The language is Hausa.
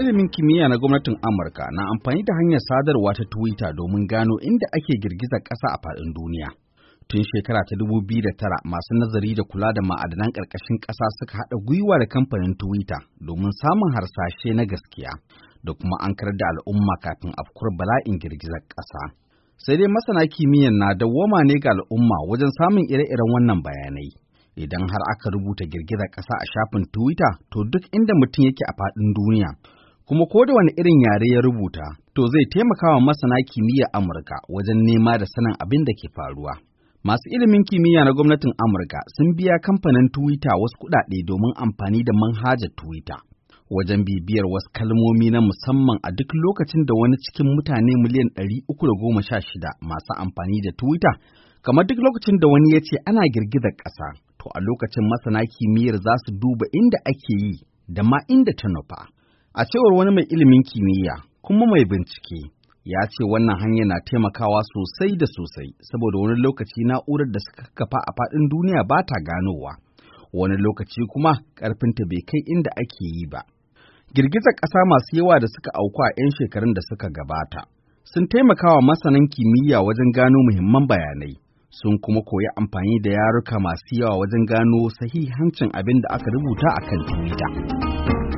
ilimin kimiyya na gwamnatin Amurka na amfani da hanyar sadarwa ta Twitter domin gano inda ake girgizar ƙasa a faɗin duniya. Tun shekara ta dubu biyu da tara, masu nazari da kula da ma'adanan ƙarƙashin ƙasa suka haɗa gwiwa da kamfanin Twitter domin samun harsashe na gaskiya da kuma an da al'umma kafin afkur bala'in girgizar ƙasa. Sai dai masana kimiyyar na dawwama ne ga al'umma wajen samun ire-iren wannan bayanai. idan har aka rubuta girgizar ƙasa a shafin Twitter, to duk inda mutum yake a faɗin duniya, kuma ko da wani irin yare ya rubuta, to zai taimaka wa masana kimiyya Amurka wajen nema da sanin abin da ke faruwa. Masu ilimin kimiyya na gwamnatin Amurka sun biya kamfanin Twitter wasu kuɗaɗe domin amfani da manhajar Twitter wajen bibiyar wasu kalmomi na musamman a duk lokacin da wani cikin mutane miliyan 316 masu amfani da Twitter, kamar duk lokacin da wani ya ce ana girgizar ƙasa, to a lokacin masana kimiyyar za su duba inda ake yi da ma inda ta nufa. A cewar wani mai ilimin kimiyya kuma mai bincike, ya ce wannan hanya na taimakawa sosai da sosai saboda wani lokaci na'urar da suka kafa a faɗin duniya ba ta ganowa, wani lokaci kuma ƙarfinta bai kai inda ake yi ba. Girgizar ƙasa masu yawa da suka auku a 'yan shekarun da suka gabata sun taimakawa masanan kimiyya wajen gano muhimman bayanai. sun kuma koyi amfani da yaruka masu yawa wajen gano sahihancin abin da aka rubuta a kan Twitter.